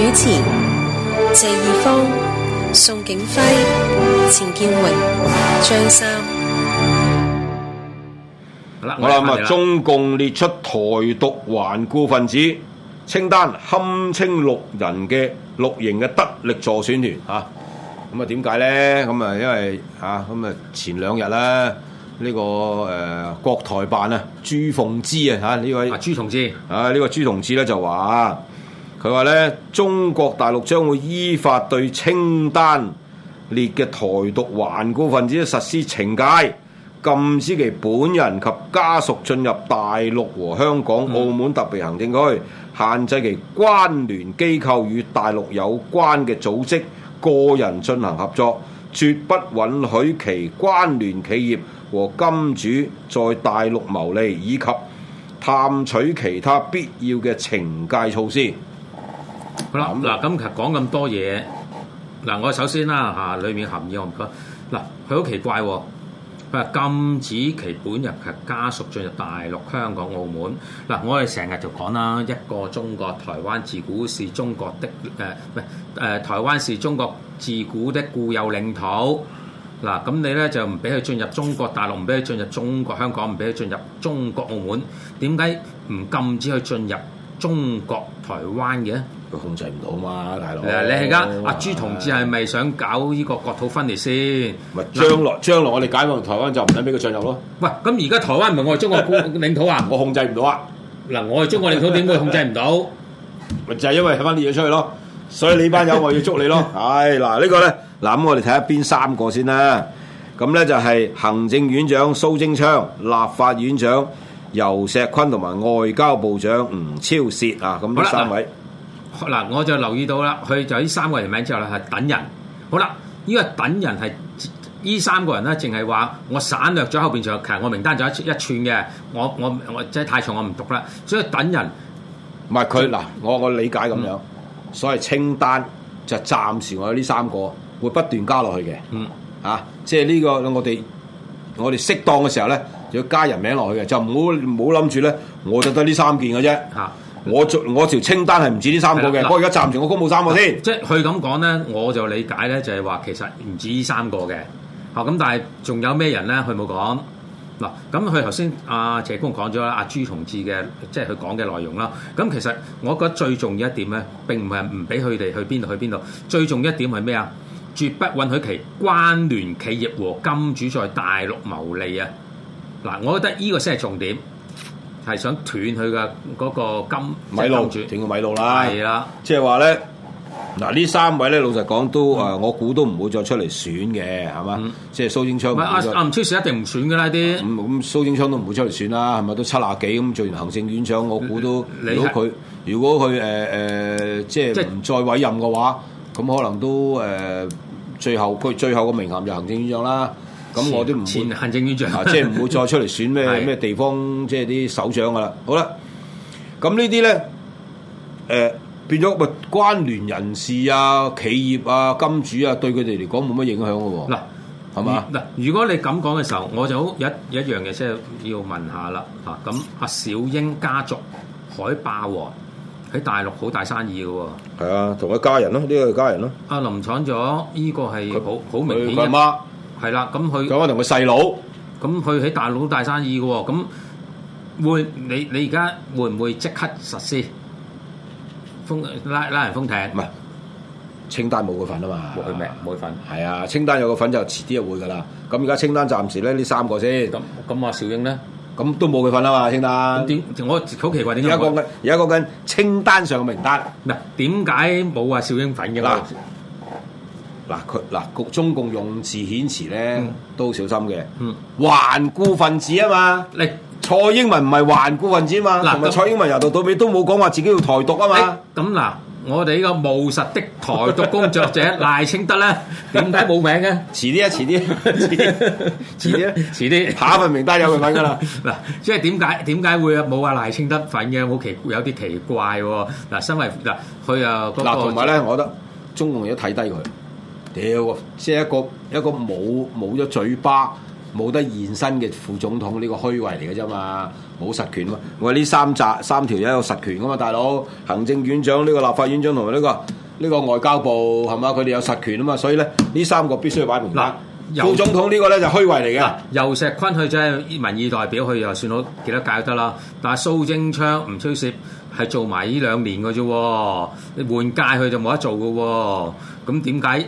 主持謝義方、宋景輝、陳建榮、張三。好啦，我諗啊，中共列出台獨頑固分子清單，堪稱六人嘅綠營嘅得力助選團啊。咁啊，點解咧？咁啊，因為啊，咁啊，前兩日咧，呢、這個誒、呃、國台辦啊，朱鳳芝啊，吓呢位朱同志，啊呢、這個朱同志咧就話佢話咧，中國大陸將會依法對清單列嘅台獨頑固分子實施懲戒，禁止其本人及家屬進入大陸和香港、澳門特別行政區，限制其關聯機構與大陸有關嘅組織、個人進行合作，絕不允許其關聯企業和金主在大陸牟利，以及採取其他必要嘅懲戒措施。好啦，嗱咁其實講咁多嘢嗱，我首先啦嚇、啊，裡面含義我唔講嗱，佢好奇怪佢話、啊、禁止其本人及家屬進入大陸、香港、澳門嗱。我哋成日就講啦，一個中國，台灣自古是中國的誒，唔係誒，台灣是中國自古的固有領土嗱。咁、嗯、你咧就唔俾佢進入中國大陸，唔俾佢進入中國香港，唔俾佢進入中國澳門，點解唔禁止佢進入中國台灣嘅？佢控制唔到嘛，大佬、啊？你而家阿朱同志係咪想搞呢個國土分裂先？咪將來 將來我哋解放台灣就唔使俾佢進入咯。喂，咁而家台灣唔係我哋中國領土啊， 我控制唔到啊！嗱， 我哋中國領土，點會控制唔到？咪 就係因為睇翻啲嘢出去咯，所以你班友我要捉你咯。係嗱、 哎，這個、呢個咧嗱，咁我哋睇下邊三個先啦。咁咧就係行政院長蘇貞昌、立法院長游錫堃同埋外交部長吳釗燮啊，咁呢三位吧。嗱，我就留意到啦，佢就呢三個人名之後咧係等人。好啦，呢個等人係呢三個人咧，淨係話我省略咗後邊就其實我名單就一一串嘅。我我我即係太重，我唔讀啦。所以等人唔係佢嗱，我我，我理解咁樣，嗯、所謂清單就暫時我有呢三個，會不斷加落去嘅。嗯，啊，即係呢個我哋我哋適當嘅時候咧，就要加人名落去嘅，就唔好唔好諗住咧，我就得呢三件嘅啫。嚇、啊！我我條清單係唔止呢三個嘅，的我而家暫住我公佈三個先的。即係佢咁講咧，我就理解咧，就係話其實唔止呢三個嘅。嚇咁，但係仲有咩人咧？佢冇講嗱。咁佢頭先阿謝公講咗阿朱同志嘅，即係佢講嘅內容啦。咁其實我覺得最重要一點咧，並唔係唔俾佢哋去邊度去邊度。最重要一點係咩啊？絕不允許其關聯企業和金主在大陸牟利啊！嗱，我覺得呢個先係重點。係想斷佢嘅嗰個金米路，就是，住，斷個米路啦。係是啦，即係話咧，嗱呢三位咧，老實講都誒，嗯 uh, 我估都唔會再出嚟選嘅，係嘛？即係蘇貞昌。唔係阿吳超時一定唔選嘅啦啲。咁，嗯啊，蘇貞昌都唔會出嚟選啦，啊，係咪都七啊幾咁做完行政院長？我估都如果佢如果佢誒誒，即係唔再委任嘅話，咁可能都誒，呃、最後佢最後嘅名銜就行政院長啦。咁我都唔會，前行政院長即係唔會再出嚟選咩咩 地方，即係啲首長噶啦。好啦，咁呢啲咧，誒、呃、變咗咪關聯人士啊、企業啊、金主啊，對佢哋嚟講冇乜影響噶喎。嗱喇，係嘛吧？嗱，如果你咁講嘅時候，我就好一一樣嘅，即係要問下啦。嚇，咁阿小英家族海霸王，喺大陸好大生意噶喎、哦。係啊，同佢家人咯，呢、這個係家人咯、啊。阿林搶咗依個係，好好明顯阿媽，係啦，咁佢咁我同佢細佬，咁佢喺大陸大生意嘅，咁會你你而家會唔會即刻實施封拉拉人封艇？唔係清單冇佢份啊嘛，冇佢名冇佢份。係啊，清單有個份就遲啲就會噶啦。咁而家清單暫時咧呢三個先。咁咁阿小英咧，咁都冇佢份啊嘛，清單。點我好奇怪點解而家講緊而家講緊清單上嘅名單嗱？點解冇阿小英份嘅啦？嗱，佢嗱局中共用字遣詞咧都小心嘅，頑固分子啊嘛！你蔡英文唔係頑固分子嘛？嗱，蔡英文由頭到尾都冇講話自己要台獨啊嘛！咁嗱，我哋呢個務實的台獨工作者賴清德咧，點解冇名嘅？遲啲啊，遲啲，遲啲，遲啲，遲啲，下一份名單有佢份㗎啦！嗱，即係點解點解會冇話賴清德份嘅？好奇怪，有啲奇怪喎！嗱，身為嗱佢啊嗱，同埋咧，我覺得中共都睇低佢。屌，即係一個一個冇冇咗嘴巴、冇得現身嘅副總統呢個虛位嚟嘅啫嘛，冇實權嘛。我話呢三扎三條友有實權噶嘛，大佬行政院長呢個、立法院長同埋呢個呢個外交部係嘛，佢哋有實權啊嘛。所以咧，呢三個必須要擺明。嗱，副總統呢個咧就虛位嚟嘅。尤石坤去就啫，民意代表去又算到幾多屆都得啦。但係蘇貞昌、唔秋實係做埋呢兩年嘅啫，你換屆佢就冇得做嘅。咁點解？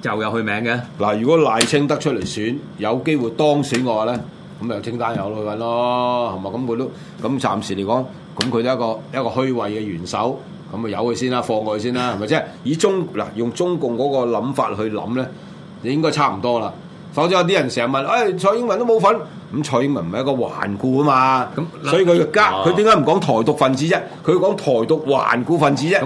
就有佢名嘅嗱。如果賴清德出嚟選，有機會當選嘅話咧，咁咪有清單有去份咯，係嘛？咁佢都咁暫時嚟講，咁佢都一個一個虛位嘅元首，咁咪有佢先啦，放佢先啦，係咪先？即係以中嗱用中共嗰個諗法去諗咧，應該差唔多啦。否則有啲人成日問：哎、hey，蔡英文都冇份，咁蔡英文唔係一個頑固啊嘛？咁那所以佢而家，佢點解唔講台獨分子啫？佢講台獨頑固分子啫。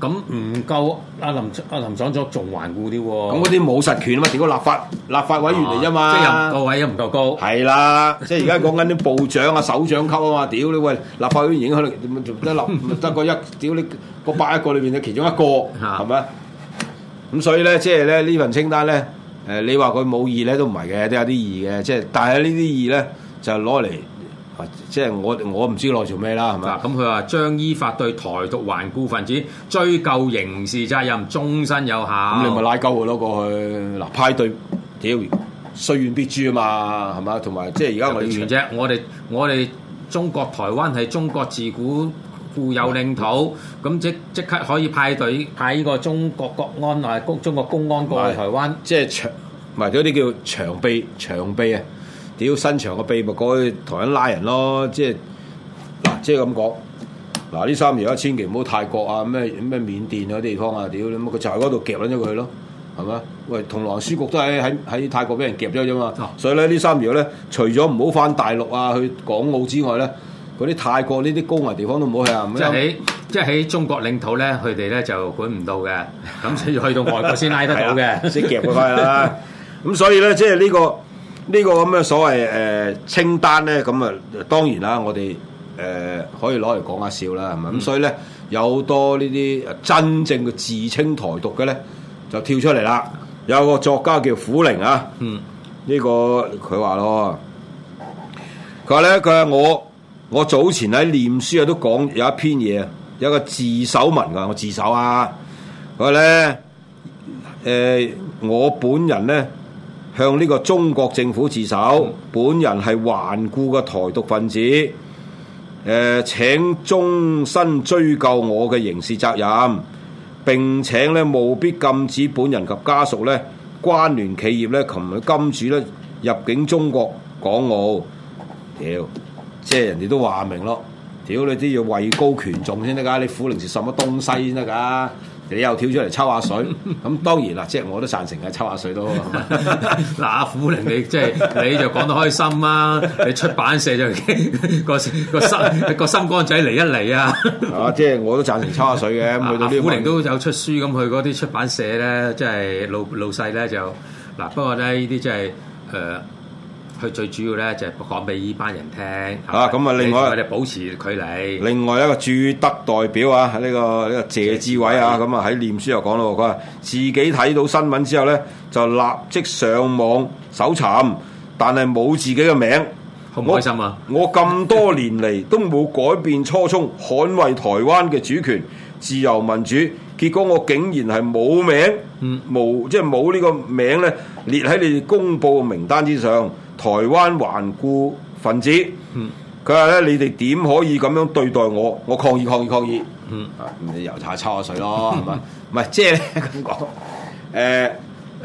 咁唔夠阿林阿林爽咗仲頑固啲喎，咁嗰啲冇實權啊嘛，屌個立法立法委員嚟啫嘛，即係唔夠位又唔夠高，係啦，即係而家講緊啲部長啊、首長級啊嘛，屌你喂，立法委員影響力唔得立，得 個一，屌你個百一個裏邊嘅其中一個，係咪啊？咁、嗯、所以咧，即係咧呢份清單咧，誒、呃、你話佢冇意咧都唔係嘅，都有啲意嘅，即係但係呢啲意咧就攞嚟。即係我我唔知攞做咩啦，係嘛？咁佢話將依法對台獨頑固分子追究刑事責任，終身有效。嗯嗯、你咪拉鳩佢咯，過去嗱派隊，屌，雖遠必誅啊嘛，係嘛？同埋即係而家我哋完全啫，我哋我哋中國台灣係中國自古固有領土，咁、嗯、即即刻可以派隊派依個中國，國安中國公安內中國公安過去台灣，即係長，唔係啲叫長臂，長臂。長臂啊！屌，伸長個臂膊，過去同人拉人咯，即係，嗱，即係咁講，嗱呢三條一，千祈唔好泰國啊，咩咩緬甸啊啲地方啊，屌你乜佢就喺嗰度夾撚咗佢咯，係咪啊？喂，同狼書局都喺喺喺泰國俾人夾咗啫嘛，哦、所以咧呢三條咧，除咗唔好翻大陸啊，去港澳之外咧，嗰啲泰國呢啲高危地方都唔好去啊！即喺即喺中國領土咧，佢哋咧就管唔到嘅，咁所以去到外國先拉得到嘅、 啊，先夾佢翻啦。咁所以咧，即係呢、呢個。呢個咁嘅所謂誒、呃、清單咧，咁啊當然啦，我哋誒、呃、可以攞嚟講下笑啦，係嘛？咁、嗯、所以咧，有多呢啲真正嘅自稱台獨嘅咧，就跳出嚟啦。有個作家叫苦苓啊，這個嗯、呢個佢話咯，佢話咧，佢話我我早前喺念書啊，都講有一篇嘢，有個自首文㗎，我自首啊。佢話咧，誒、呃、我本人咧。向呢個中國政府自首，嗯、本人係頑固嘅台獨分子，誒、呃，請終身追究我嘅刑事責任，並請呢務必禁止本人及家屬呢關聯企業呢及金主呢入境中國港澳。屌，即係人哋都話明咯，屌你都要位高權重先得噶，你苦零是乜東西先得噶。你又跳出嚟抽下水，咁當然啦，即係我都贊成嘅，抽下水都。嗱、 啊，虎玲你即、就、係、是、你就講得開心啦、啊，你出版社就 個個，個，個心個心肝仔嚟一嚟啊， 啊，啊！啊，即係我都贊成抽下水嘅，咁去到啲虎玲都有出書咁，去嗰啲出版社咧，即、就、係、是、老老細咧就嗱、啊，不過咧呢啲即係誒。佢最主要咧就係講俾呢班人聽，吓咁啊！另外，哋你保持距離。另外一個駐德代表啊，呢、這個呢、這個謝志偉啊，咁啊喺臉書又講到。佢話自己睇到新聞之後咧，就立即上網搜尋，但係冇自己嘅名，好唔開心啊！我咁多年嚟都冇改變初衷， 捍衛台灣嘅主權、自由民主，結果我竟然係冇名，無、嗯、即係冇呢個名咧列喺你哋公布嘅名單之上。台灣頑固分子，佢話咧：你哋點可以咁樣對待我？我抗議抗議抗議！啊，咁啲遊客抽下水咯，係咪？ 唔係即係咁講。誒、嗯，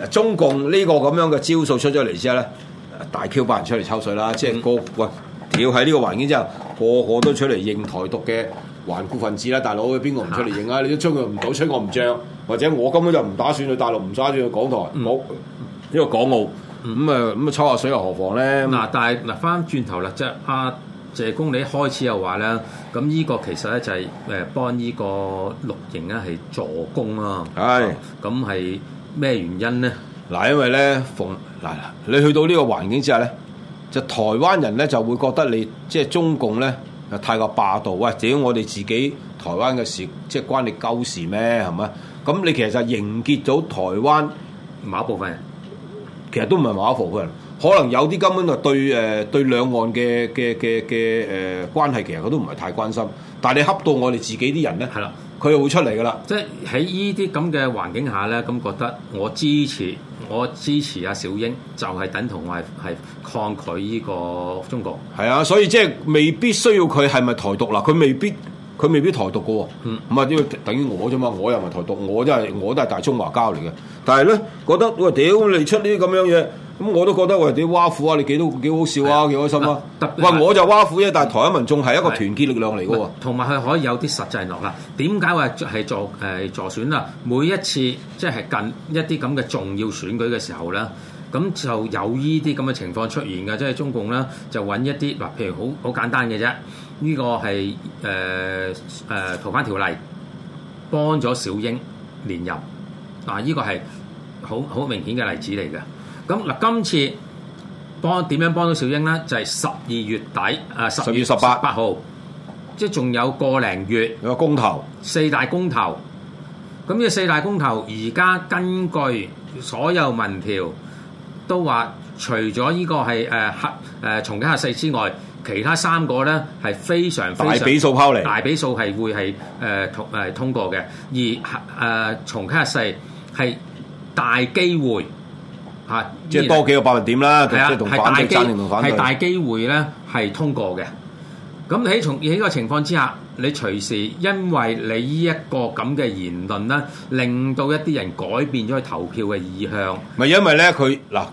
中共呢個咁樣嘅招數出咗嚟之後咧，大 Q 班人出嚟抽水啦！即係個喂，屌喺呢個環境之後，個個都出嚟認台獨嘅頑固分子啦！大佬，邊個唔出嚟認啊？你都吹佢唔倒，吹我唔漲，或者我根本就唔打算去大陸，唔揸住去港台，唔好呢個港澳。咁啊，咁啊、嗯，嗯、抽下水又何妨咧？嗱、啊，但係嗱，翻轉頭啦，即係阿謝公，你開始又話咧，咁呢個其實咧就係誒幫呢個綠營咧係助攻啊！係、哎，咁係咩原因咧？嗱、啊，因為咧逢嗱，你去到呢個環境之下咧，就台灣人咧就會覺得你即係中共咧係太過霸道。喂，至於我哋自己台灣嘅事，即係關你鳩事咩？係咪啊？咁你其實凝結咗台灣某一部分人。其實都唔係馬虎嘅人，可能有啲根本就對誒、呃、對兩岸嘅嘅嘅嘅誒關係，其實佢都唔係太關心。但係你恰到我哋自己啲人咧，係啦的，佢又會出嚟㗎啦。即係喺呢啲咁嘅環境下咧，咁覺得我支持我支持阿小英，就係、是、等同我係係抗拒呢個中國。係啊，所以即係未必需要佢係咪台獨啦，佢未必。佢未必台獨個喎，呢啊，等於我啫嘛，我又唔係台獨，我都係、就是，我都係大中華膠嚟嘅。但係咧，覺得哇屌，你出呢啲咁樣嘢，咁我都覺得哇屌，喂你挖苦啊，你幾多幾好笑啊，啊幾開心啊。喂、啊，我就挖苦啫，但係台灣民眾係一個團結力量嚟嘅喎。同埋佢可以有啲實際落啦。點解話係助誒助選啊？每一次即係、就是、近一啲咁嘅重要選舉嘅時候咧。咁就有呢啲咁嘅情況出現嘅，即係中共咧就揾一啲嗱，譬如好好簡單嘅啫，呢個係誒誒逃犯條例幫咗小英連任，嗱呢個係好好明顯嘅例子嚟嘅。咁嗱，今次幫點樣幫到小英咧？就係十二月底啊，十二月十八八號，一二一八，即係仲有個零月有個公投，四大公投。咁呢四大公投而家根據所有民調。都話除咗呢個係誒核誒重啟核四之外，其他三個咧係非常快，比數拋嚟，大比數係會係誒同誒通過嘅。而誒重啟核四係大機會嚇，啊、即係多幾個百分點啦。係啊，係大機，係大機會咧係通過嘅。咁喺重喺呢個情況之下。你隨時因為你呢一個咁嘅言論咧，令到一啲人改變咗佢投票嘅意向。唔係因為咧，佢嗱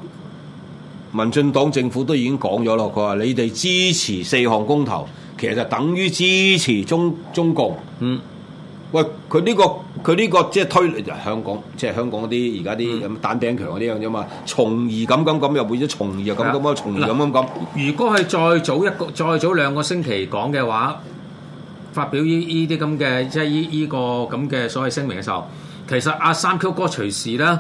民進黨政府都已經講咗咯，佢話你哋支持四項公投，其實就等於支持中中共。嗯，喂，佢呢個佢呢個即係推香港，即係香港嗰啲而家啲咁單兵強嗰啲樣啫嘛。從而咁咁咁又變咗，從而咁咁咁，的從而咁咁咁。如果係再早一個再早兩個星期講嘅話，發表呢依啲咁嘅，即係依依個咁嘅所謂聲明嘅時候，其實阿、啊、三 Q 哥隨時咧，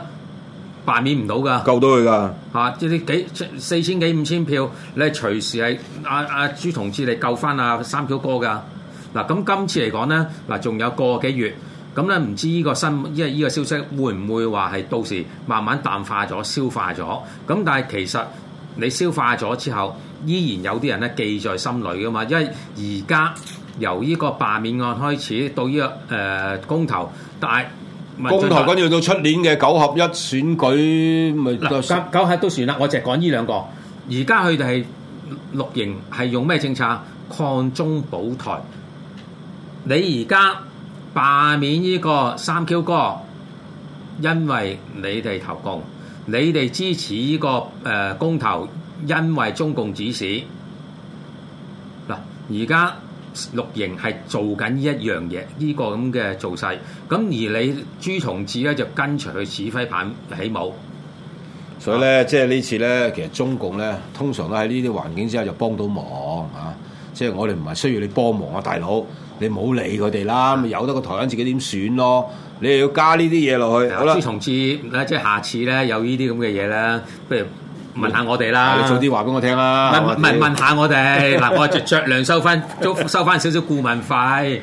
避免唔到噶，救到佢噶嚇，即係啲幾四千幾五千票，你係隨時係阿阿朱同志你救翻阿、啊、三 Q 哥噶。嗱、啊，咁、啊、今次嚟講咧，嗱、啊、仲有個幾月，咁咧唔知依個新，因為依個消息會唔會話係到時慢慢淡化咗、消化咗？咁、啊、但係其實你消化咗之後，依然有啲人咧記在心裏噶嘛，因為而家。由呢個罷免案開始到呢、這個誒、呃、公投，但係公投緊要到出年嘅九合一選舉，咪十了就九九都算啦。我淨係講呢兩個。而家佢哋係綠營，係用咩政策抗中保台？你而家罷免呢個三 Q 哥，因為你哋投共，你哋支持呢、這個誒、呃、公投，因為中共指使。嗱，而家。綠營係做緊呢一樣嘢，呢個咁嘅造勢，咁而你朱從志咧就跟隨佢指揮棒起舞，所以咧、嗯、即係呢次咧，其實中共咧通常都喺呢啲環境之下就幫到忙嚇、啊，即係我哋唔係需要你幫忙啊，大佬，你冇理佢哋啦，由、嗯、得個台灣自己點選咯，你又要加呢啲嘢落去，嗯、好啦朱從志，嗱，即係下次咧有呢啲咁嘅嘢咧，不如。問下我哋啦，啊、你早啲話俾我聽啦。唔係問，者問，問下我哋，嗱 我就酌量收翻，收收翻少少顧問費。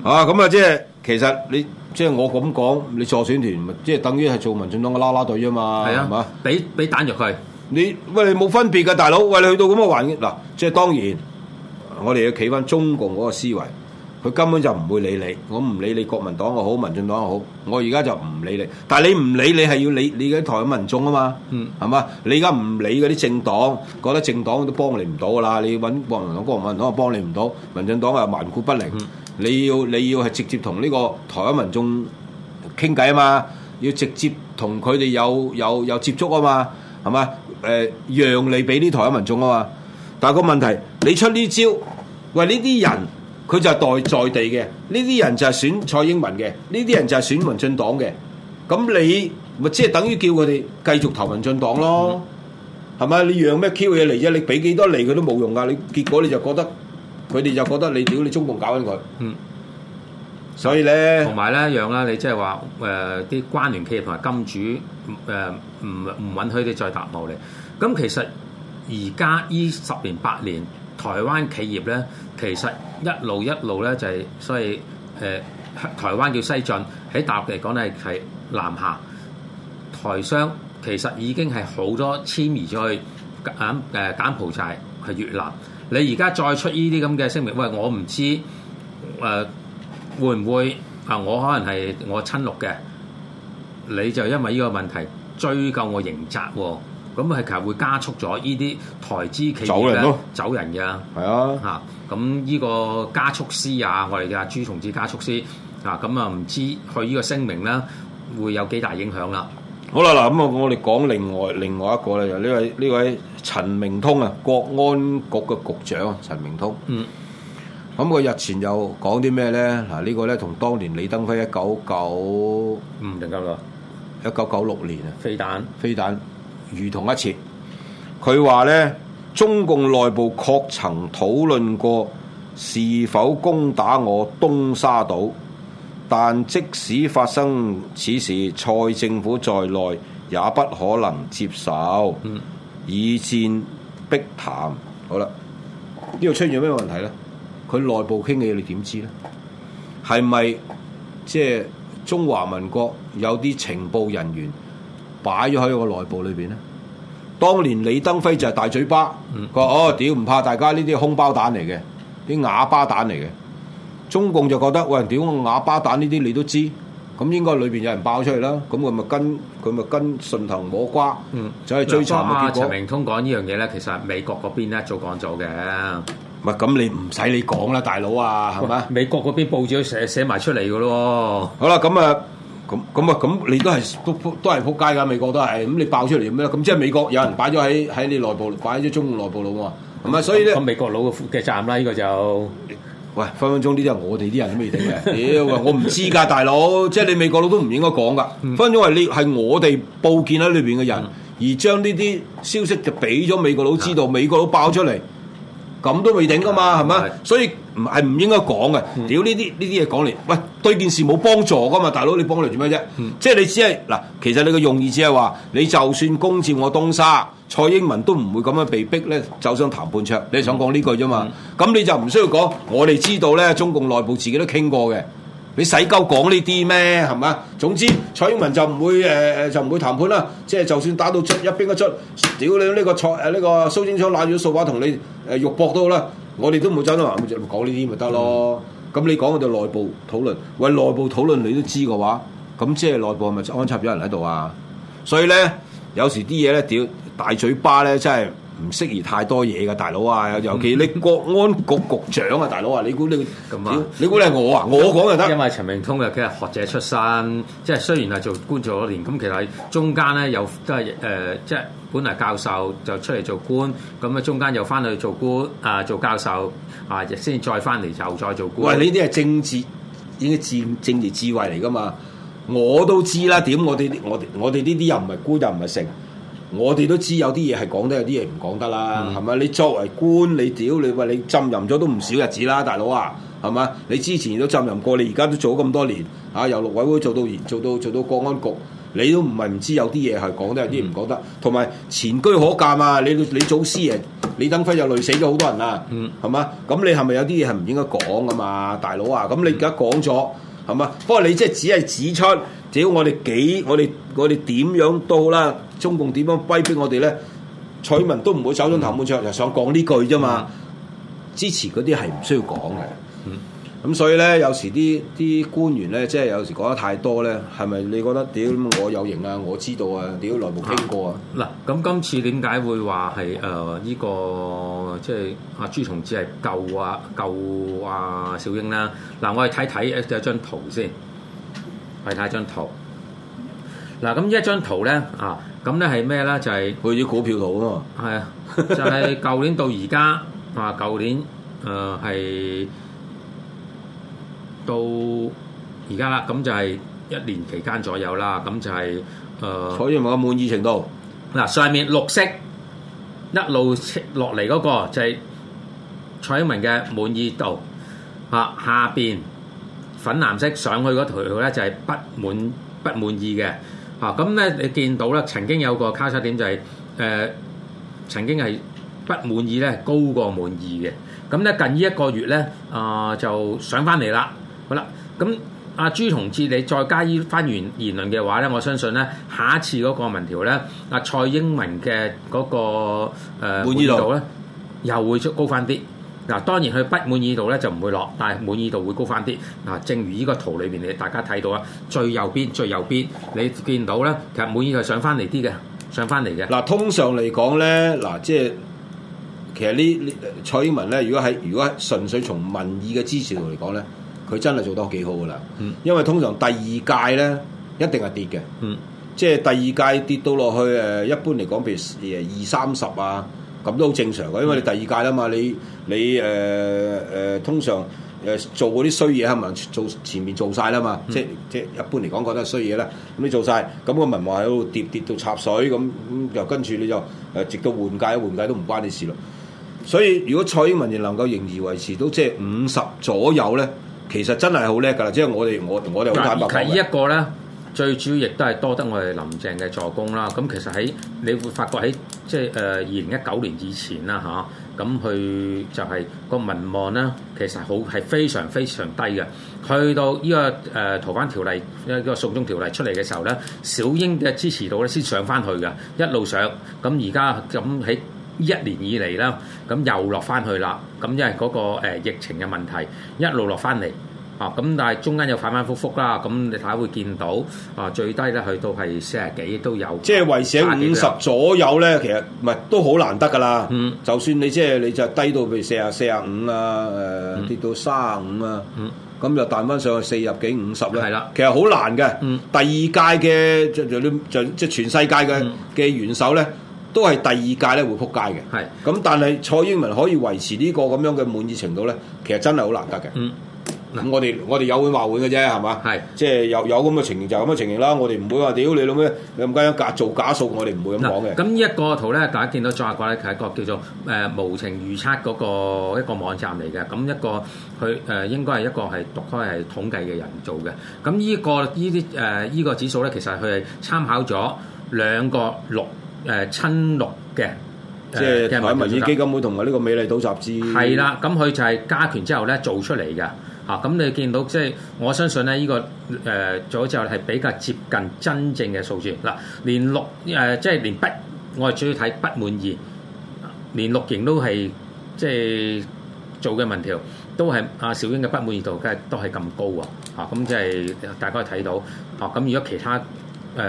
啊，咁啊、就是，即係其實你即係、就是、我咁講，你助選團咪即係等於係做民進黨嘅啦啦隊啊嘛，係嘛、啊？俾俾彈藥佢。你喂你冇分別嘅大佬，喂你去到咁嘅環境，嗱、啊，即、就、係、是、當然，我哋要企翻中共嗰個思維。佢根本就唔會理你，我唔理你國民黨又好，民進黨又好，我而家就唔理你。但係你唔理你係要理你嗰啲台灣民眾啊嘛，係嘛、嗯？你而家唔理嗰啲政黨，覺得政黨都幫你唔到噶啦，你揾國民黨、國民黨又幫你唔到，民進黨又頑固不靈。嗯、你要你要係直接同呢個台灣民眾傾偈啊嘛，要直接同佢哋有有有接觸啊嘛，係嘛？誒、呃，讓你俾啲台灣民眾啊嘛。但係個問題，你出呢招，喂呢啲人。 佢就係待在地嘅，呢啲人就係選蔡英文嘅，呢啲人就係選民進黨嘅。咁你咪即係等於叫佢哋繼續投民進黨咯，係咪、嗯？你讓咩 Q 嘢嚟啫？你俾幾多利佢都冇用噶，你結果你就覺得佢哋就覺得你屌你中共搞緊佢。嗯，所以咧同埋咧，讓啦你即係話誒啲關聯企業同埋金主誒唔唔允許你再搭霧嚟。咁其實而家呢十年八年。台灣企業咧，其實一路一路咧就係、是，所以誒、呃，台灣叫西進，喺大陸嚟講咧係南下。台商其實已經係好多遷移咗去柬誒、呃、柬埔寨，去越南。你而家再出呢啲咁嘅聲明，喂，我唔知誒、呃、會唔會啊、呃？我可能係我親綠嘅，你就因為呢個問題追究我刑責喎、哦。咁啊，係其實會加速咗呢啲台資企業咧走人嘅，係啊，吓咁呢個加速師啊，我哋嘅朱同志加速師啊，咁啊唔知佢呢個聲明咧會有幾大影響啦。好啦，嗱咁啊，我哋講另外另外一個咧，就呢位呢位陳明通啊，國安局嘅局長陳明通，嗯，咁佢日前又講啲咩咧？嗱，呢個咧同當年李登輝一九九，嗯，唔定咁啦一九九六年啊，飛彈，飛彈。如同一次，佢話呢中共內部確曾討論過是否攻打我東沙島，但即使發生此事，蔡政府在內也不可能接受、嗯、以戰逼談。好啦，呢度出現有咩問題呢？佢內部傾嘅嘢，你點知呢？係咪即係中華民國有啲情報人員？擺咗喺個內部裏邊咧，當年李登輝就係大嘴巴，話哦屌唔怕大家呢啲空包彈嚟嘅，啲啞巴彈嚟嘅，中共就覺得喂屌個啞巴彈呢啲你都知，咁應該裏邊有人爆出嚟啦，咁佢咪跟佢咪跟順藤摸瓜。嗯，所以追查啊。陳明通講呢樣嘢咧，其實美國嗰邊咧早講咗嘅。唔係咁，你唔使你講啦，大佬啊，係嘛？美國嗰邊報紙都寫寫埋出嚟㗎咯。好啦，咁啊。咁咁啊，咁你都係都都係仆街噶，美國都係，咁你爆出嚟咩？咁即係美國有人擺咗喺喺你內部擺咗中共內部佬嘛，係咪、嗯？所以咧，個、嗯、美國佬嘅站啦，呢、呢個就喂分分鐘呢啲係我哋啲人都未定嘅，屌啊、 欸！我唔知㗎，大佬，即係你美國佬都唔應該講噶， 分分鐘係你係我哋報建喺裏邊嘅人，嗯、而將呢啲消息就俾咗美國佬知道， 美國佬爆出嚟。咁都未頂噶嘛，係咪？所以唔係唔應該講嘅，屌呢啲呢啲嘢講嚟，喂對件事冇幫助噶嘛，大佬你幫我嚟做咩啫？嗯、即係你只係嗱，其實你嘅用意只係話，你就算攻佔我東沙，蔡英文都唔會咁樣被逼咧走上談判桌，你想講呢句啫嘛？咁、嗯、你就唔需要講，我哋知道咧，中共內部自己都傾過嘅。你使鳩講呢啲咩？係嘛？總之蔡英文就唔會誒誒、呃、就唔會談判啦。即係就算打到卒一邊嘅卒，屌你呢、這個蔡誒呢個蘇貞昌攞住掃把同你誒、呃、肉搏都好啦。我哋都唔會爭得埋，就講呢啲咪得咯。咁、嗯、你講就內部討論，喂內部討論你都知嘅話，咁即係內部係咪安插咗人喺度啊？所以咧，有時啲嘢咧，屌大嘴巴咧，真係。唔適宜太多嘢㗎大佬啊，尤其你國安局局長啊，大佬啊，你估你咁啊？你估你係我啊？我講就得。因為陳明通佢係學者出身，即係雖然係做官做咗年，咁其實中間咧有都係誒，即係本嚟教授就出嚟做官，咁啊中間又翻去做官啊、呃、做教授啊，亦先再翻嚟就再做官。喂，你呢啲係政治，呢啲智政治智慧嚟噶嘛？我都知啦，點我哋我我哋呢啲又唔係官又唔係成。 我哋都知有啲嘢係講得，有啲嘢唔講得啦，係嘛？你作為官，你屌你喂你浸淫咗都唔少日子啦，大佬啊，係嘛？你之前都浸淫過，你而家都做咗咁多年，嚇、啊、由陸委會做到做到做到國安局，你都唔係唔知有啲嘢係講得，有啲唔講得。同埋 前車可鑑啊，你你祖師爺啊，李登輝又累死咗好多人啊，係嘛？咁你係咪有啲嘢係唔應該講㗎嘛，大佬啊？咁你而家講咗係嘛？不過你即係只係指出，屌我哋幾我哋我哋點樣到好啦。中共點樣威逼我哋咧？蔡文都唔會走進頭門雀，又想講呢句啫嘛。支持嗰啲係唔需要講嘅。咁所以咧，有時啲啲官員咧，即係有時講得太多咧，係咪你覺得屌我有型啊？我知道啊，屌內冇經過啊。嗱、啊，咁今次點解會話係誒呢個即係阿朱同志係救啊救阿小英啦、啊？嗱、啊，我哋睇睇一張圖先，我哋睇一張圖。嗱、啊，咁呢一張圖咧啊！咁咧係咩咧？就係去啲股票度咯。係啊，就係舊年到而家啊，舊年誒係到而家啦。咁就係一年期間左右啦。咁就係誒，蔡英文嘅滿意程度嗱，上面綠色一路落嚟嗰個就係蔡英文嘅滿意度啊，下邊粉藍色上去嗰條咧就係不滿不滿意嘅。啊，咁咧、嗯、你見到咧，曾經有個交叉點就係、是、誒、呃，曾經係不滿意咧高過滿意嘅，咁、嗯、咧近呢一個月咧啊、呃、就上翻嚟啦，好啦，咁、嗯、阿、啊、朱同志你再加依番言言論嘅話咧，我相信咧下一次嗰個民調咧，阿蔡英文嘅嗰、那個誒、呃、滿意度咧又會高翻啲。嗱，當然佢不滿意度咧就唔會落，但係滿意度會高翻啲。嗱，正如呢個圖裏邊你大家睇到啊，最右邊，最右邊你見到咧，其實滿意度上翻嚟啲嘅，上翻嚟嘅。嗱，通常嚟講咧，嗱即係其實呢呢蔡英文咧，如果係如果純粹從民意嘅支持度嚟講咧，佢真係做得幾好㗎啦。嗯，因為通常第二屆咧一定係跌嘅。嗯，即係第二屆跌到落去誒，一般嚟講譬如二三十啊。咁都好正常嘅，因為你第二屆啦嘛，你你誒誒、呃呃、通常誒、呃、做嗰啲衰嘢，係咪做前面做晒啦嘛，嗯、即即一般嚟講覺得衰嘢咧，咁、嗯、你做晒，咁個文華喺度跌跌到插水，咁咁又跟住你就誒、呃、直到換屆，換屆都唔關你事咯。所以如果蔡英文能夠仍然維持到即五十左右咧，其實真係好叻㗎啦，即係我哋我我哋好坦白話。睇一個咧。最主要亦都係多得我哋林鄭嘅助攻啦，咁其實喺你會發覺喺即係誒二零一九年以前啦嚇，咁佢就係個民望咧，其實好係非常非常低嘅。去到呢個誒逃犯條例呢個送中條例出嚟嘅時候咧，小英嘅支持度咧先上翻去嘅，一路上，咁而家咁喺一年以嚟啦，咁又落翻去啦，咁因為嗰個誒疫情嘅問題，一路落翻嚟。咁、哦、但係中間又反反覆覆啦，咁你睇下會見到啊，最低咧去到係四十幾都有，即係維持五十左右咧，其實係都好難得噶啦。嗯，就算你即、就、係、是、你就低到譬如四十四十五啊，誒、嗯呃、跌到三十五啊，咁、嗯、就彈翻上去四十幾五十咧，係啦的，其實好難嘅。嗯，第二屆嘅就就就即係全世界嘅嘅元首咧，都係第二屆咧會撲街嘅。係的，咁的但係蔡英文可以維持呢個咁樣嘅滿意程度咧，其實真係好難得嘅。嗯。嗯。咁、嗯、我哋、就是、我哋有會話會嘅啫，係嘛？係，即係有有咁嘅情形就咁嘅情形啦。我哋唔會話屌你老咩，你咁緊張假做假數，我哋唔會咁講嘅。咁呢一個圖咧，大家見到左下角咧係一個叫做誒無情預測嗰個一個網站嚟嘅。咁一個佢誒應該係一個係讀開係統計嘅人做嘅。咁呢個呢啲誒依個指數咧，其實佢係參考咗兩個六誒親綠嘅，即係同埋民意基金會同埋呢個美麗島雜誌。係啦，咁佢就係加權之後咧做出嚟嘅。咁你見到即係、就是、我相信咧，依個誒佐證係比較接近真正嘅數字。嗱，連六誒，即係連不，我哋主要睇不滿意，連六營都係即係做嘅問調，都係阿小英嘅不滿意度，梗係都係咁高喎。嚇！咁即係大家睇到。嚇！咁如果其他誒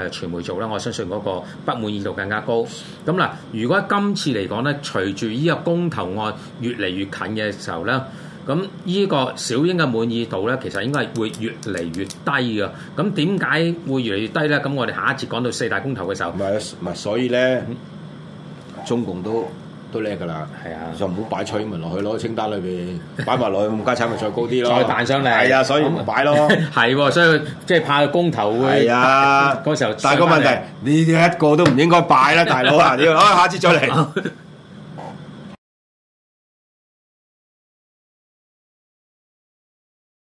傳媒做咧，我相信嗰個不滿意度更加高。咁嗱，如果今次嚟講咧，隨住呢個公投案越嚟越近嘅時候咧。咁依個小英嘅滿意度咧，其實應該係會越嚟越低噶。咁點解會越嚟越低咧？咁我哋下一節講到四大公投嘅時候，唔係，唔係，所以咧，中共都都叻噶啦。係是啊，就唔好擺蔡英文落去攞喺清單裏邊擺埋落去，家加產咪再高啲咯。 再彈上嚟，係啊，所以唔擺咯。係喎、嗯 啊，所以即係怕公投會。係啊，嗰時候。但係個問題，啊、你一個都唔應該擺啦，大佬啊！你要，我下次再嚟。